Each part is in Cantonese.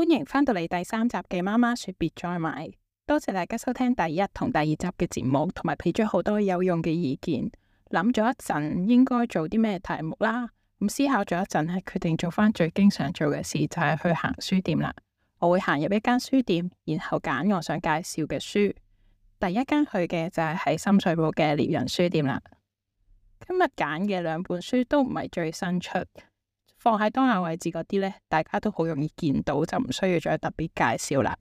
歡迎返到嚟第三集嘅媽媽說別再買。多謝大家收聽第一同第二集嘅節目，同埋俾咗好多有用嘅意見。諗咗一陣，應該做啲咩題目啦？咁思考咗一陣係，決定做翻最經常做嘅事，就係去行書店啦。我會行入一間書店，然後揀我想介紹嘅書。第一間去嘅就係喺深水埗嘅獵人書店啦。今日揀嘅兩本書都唔係最新出。放喺當眼位置嗰啲呢，大家都好容易見到，就唔需要再特別介紹啦。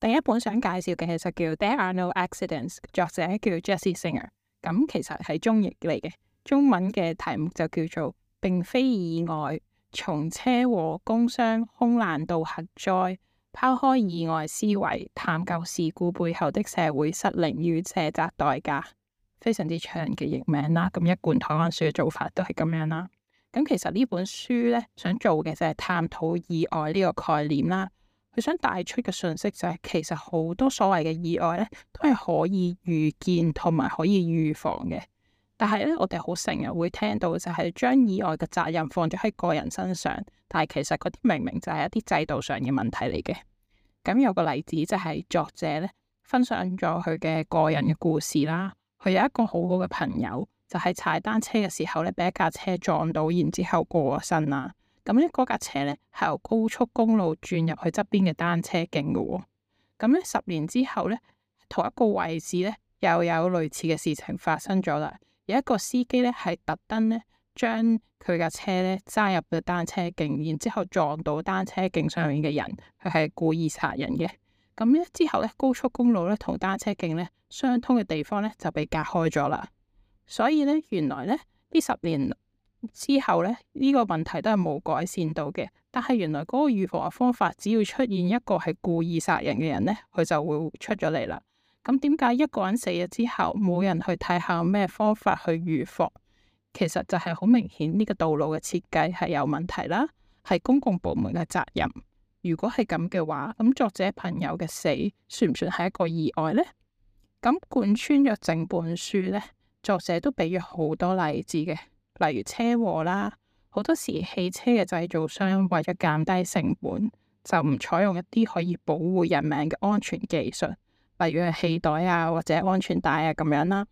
第一本想介紹嘅其實叫《There Are No Accidents》，作者叫 Jesse Singer，咁、嗯、其實係中譯嚟嘅，中文嘅題目就叫做《並非意外：從車禍、工傷、空難到核災，拋開意外思維，探究事故背後的社會失靈與卸責代價》。非常之長嘅譯名啦，咁一貫台灣書嘅做法都係咁樣啦。咁其實呢本書咧想做嘅就係探討意外呢個概念啦，佢想帶出嘅信息就係其實好多所謂嘅意外咧都係可以預見同埋可以預防嘅，但係咧我哋好成日會聽到就係將意外嘅責任放咗喺個人身上，但係其實嗰啲明明就係一啲制度上嘅問題嚟嘅。咁有個例子就係作者咧分享咗佢嘅個人嘅故事啦，佢有一個好好嘅朋友。就係踩單車嘅時候咧，俾一架車撞到，然之後過咗身啦。咁咧，嗰架車咧係由高速公路轉入去側邊嘅單車徑嘅。咁咧，十年之後咧，同一個位置咧又有類似嘅事情發生咗啦。有一個司機咧係特登咧將佢架車咧揸入咗單車徑，然之後撞到單車徑上面嘅人，佢係故意殺人嘅。咁咧之後咧，高速公路咧同單車徑咧相通嘅地方咧就被隔開咗啦。所以咧，原來咧呢十年之後咧呢個問題都係冇改善到嘅。但係原來嗰個預防嘅方法，只要出現一個係故意殺人嘅人咧，佢就會出咗嚟啦。咁點解一個人死咗之後冇人去睇下咩方法去預防？其實就係好明顯呢個道路嘅設計係有問題啦，係公共部門嘅責任。如果係咁嘅話，咁作者朋友嘅死算唔算係一個意外咧？咁貫穿咗整本書咧？作者都俾咗好多例子嘅，例如車禍啦，好多時汽車嘅製造商為咗減低成本，就唔採用一啲可以保護人命嘅安全技術，例如係氣袋啊或者安全帶啊咁樣啦。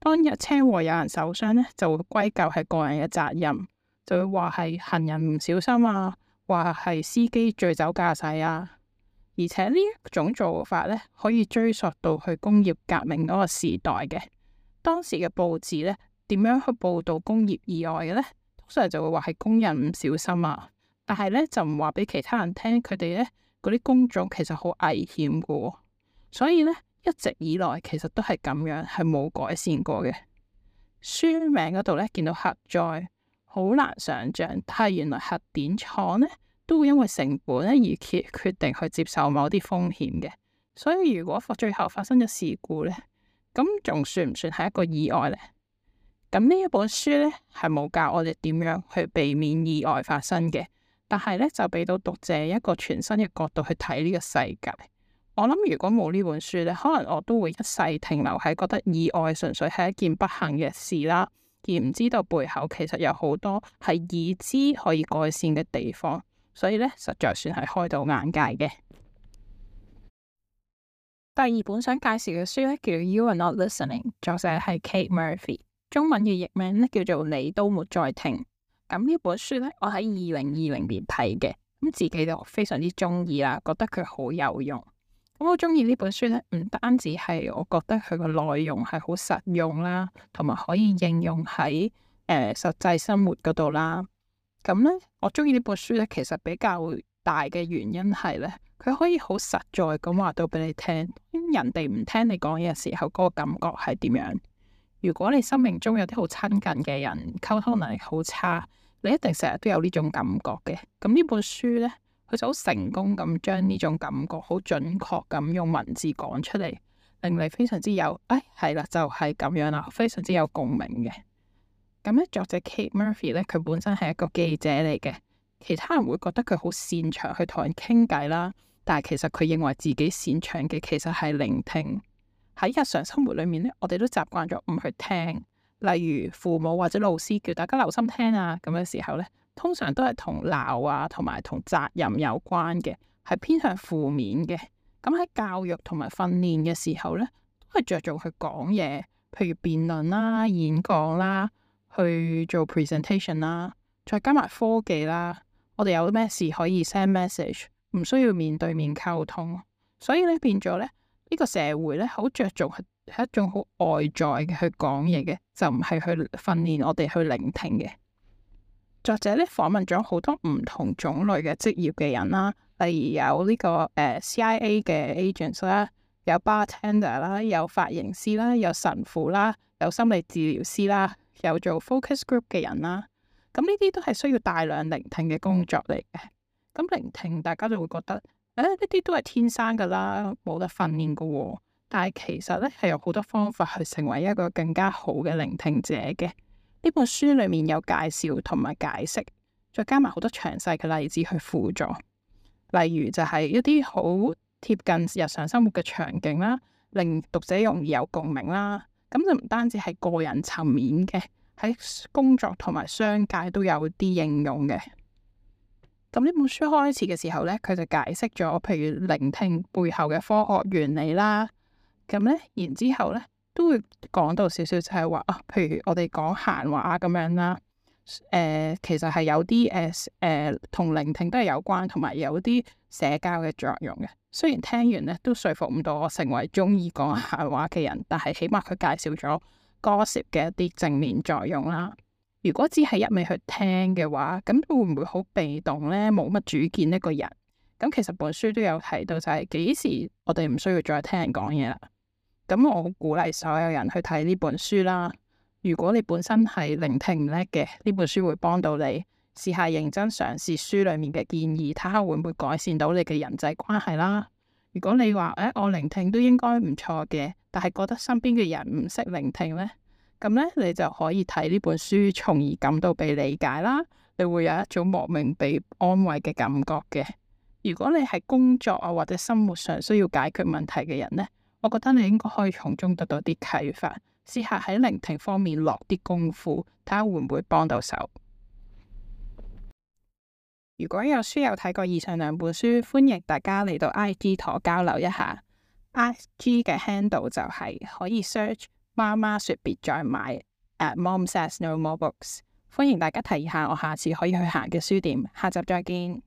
當日車禍有人受傷咧，就會歸咎係個人嘅責任，就會話係行人唔小心啊，話係司機醉酒駕駛啊。而且呢一種做法咧，可以追溯到去工業革命嗰個時代嘅。當時嘅報紙咧，點樣去報道工業意外嘅咧？通常就會話係工人唔小心啊，但係咧就唔話俾其他人聽，佢哋咧嗰啲工種其實好危險嘅。所以咧，一直以來其實都係咁樣，係冇改善過嘅。書名嗰度咧見到核災，好難想象，但係原來核電廠咧都會因為成本咧而決定去接受某啲風險嘅。所以如果最後發生咗事故咧。咁仲算唔算係一個意外呢？咁呢一本書咧係冇教我哋點樣去避免意外發生嘅，但係咧就俾到讀者一個全新嘅角度去睇呢個世界。我諗如果冇呢本書咧，可能我都會一世停留喺覺得意外純粹係一件不幸嘅事啦，而唔知道背後其實有好多係已知可以改善嘅地方。所以咧，實在算係開到眼界嘅。第二本想介紹嘅書咧，叫《You Are Not Listening》，作者係 Kate Murphy，中文嘅譯名咧叫做《你都沒在聽》。咁呢本書咧，我喺二零二零年睇嘅，咁自己就非常之中意啦，覺得佢好有用。咁我中意呢本書咧，唔單止係我覺得佢個內容係好實用啦，同埋可以應用喺誒、呃、實際生活嗰度啦。咁咧，我中意呢本書咧，其實比較大嘅原因係咧。佢可以好實在咁話到俾你聽，人哋唔聽你講嘢嘅時候嗰個感覺係點樣？如果你生命中有啲好親近嘅人，溝通能力好差，你一定成日都有呢種感覺嘅。咁呢本書咧，佢就好成功咁將呢種感覺好準確咁用文字講出嚟，令你非常之有誒，係啦，就係咁樣啦，非常之有共鳴嘅。咁咧，作者 Kate Murphy 咧，佢本身係一個記者嚟嘅，其他人會覺得佢好擅長去同人傾偈啦。但係，其實佢認為自己擅長嘅其實係聆聽。喺日常生活裏面咧，我哋都習慣咗唔去聽。例如父母或者老師叫大家留心聽啊，咁嘅時候咧，通常都係同鬧啊，同埋同責任有關嘅，係偏向負面嘅。咁喺教育同埋訓練嘅時候咧，都係着重去講嘢，譬如辯論啦、演講啦、去做 presentation 啦，再加埋科技啦，我哋有咩事可以 send message。唔需要面對面溝通，所以咧變咗咧呢、這個社會咧好着重係一種好外在嘅去講嘢嘅，就唔係去訓練我哋去聆聽嘅。作者咧訪問咗好多唔同種類嘅職業嘅人啦，例如有呢、這個誒、uh, CIA 嘅 agents 啦，有 bartender 啦，有髮型師啦，有神父啦，有心理治療師啦，有做 focus group 嘅人啦，咁呢啲都係需要大量聆聽嘅工作嚟嘅。咁聆聽，大家就會覺得誒，呢啲都係天生噶啦，冇得訓練噶。但係其實咧，係有好多方法去成為一個更加好嘅聆聽者嘅。呢本書裏面有介紹同埋解釋，再加埋好多詳細嘅例子去輔助。例如就係一啲好貼近日常生活嘅場景啦，令讀者容易有共鳴啦。咁就唔單止係個人層面嘅，喺工作同埋商界都有啲應用嘅。咁呢本書開始嘅時候咧，佢就解釋咗，譬如聆聽背後嘅科學原理啦。咁咧，然之後咧都會講到少少，就係話啊,譬如我哋講閒話咁樣啦。誒、呃，其實係有啲誒誒，同、呃、聆聽都係有關，同埋有啲社交嘅作用嘅。雖然聽完咧都說服唔到我成為中意講閒話嘅人，但係起碼佢介紹咗歌 o 嘅一啲正面作用啦。如果只係一味去聽嘅話，咁會唔會好被動咧？冇乜主見呢個人，咁其實本書都有提到，就係幾時我哋唔需要再聽人講嘢啦。咁我鼓勵所有人去睇呢本書啦。如果你本身係聆聽唔叻嘅，呢本書會幫到你。試下認真嘗試書裏面嘅建議，睇下會唔會改善到你嘅人際關係啦。如果你話誒、哎，我聆聽都應該唔錯嘅，但係覺得身邊嘅人唔識聆聽咧。咁咧，你就可以睇呢本書，從而感到被理解啦。你會有一種莫名被安慰嘅感覺嘅。如果你係工作啊或者生活上需要解決問題嘅人咧，我覺得你應該可以從中得到啲啟發，試下喺聆聽方面落啲功夫，睇下會唔會幫到手。如果有書友睇過以上兩本書，歡迎大家嚟到 IG 同我交流一下。IG 嘅 handle 就係、是、可以 search。媽媽說：別再買。At mum says no more books。歡迎大家提一下，我下次可以去行嘅書店。下集再見。